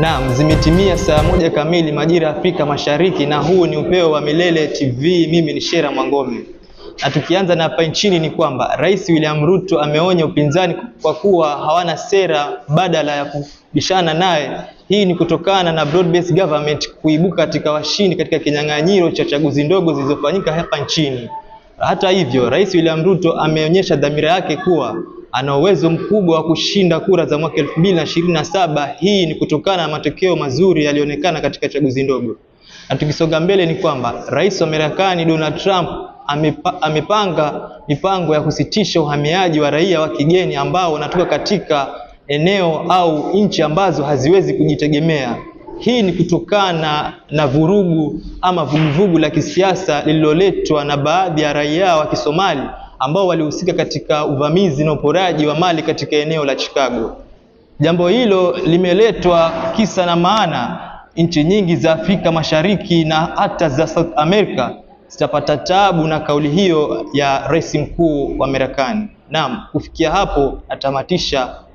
Naam, zimetimia saa moja kamili majira ya Afrika Mashariki, na huu ni upeo wa Milele TV. Mimi ni Shera Mwangome, na tukianza na hapa nchini ni kwamba Rais William Ruto ameonya upinzani kwa kuwa hawana sera badala ya kubishana naye. Hii ni kutokana na broad based government kuibuka katika washindi katika kinyang'anyiro cha chaguzi ndogo zilizofanyika hapa nchini. Hata hivyo, Rais William Ruto ameonyesha dhamira yake kuwa ana uwezo mkubwa wa kushinda kura za mwaka elfu mbili na ishirini na saba. Hii ni kutokana na matokeo mazuri yaliyoonekana katika chaguzi ndogo. Na tukisonga mbele, ni kwamba rais wa Marekani Donald Trump amepa, amepanga mipango ya kusitisha uhamiaji wa raia wa kigeni ambao wanatoka katika eneo au nchi ambazo haziwezi kujitegemea. Hii ni kutokana na vurugu ama vuguvugu la kisiasa lililoletwa na baadhi ya raia wa Kisomali ambao walihusika katika uvamizi na uporaji wa mali katika eneo la Chicago. Jambo hilo limeletwa kisa na maana, nchi nyingi za Afrika Mashariki na hata za South America zitapata taabu na kauli hiyo ya rais mkuu wa Marekani. Naam, kufikia hapo natamatisha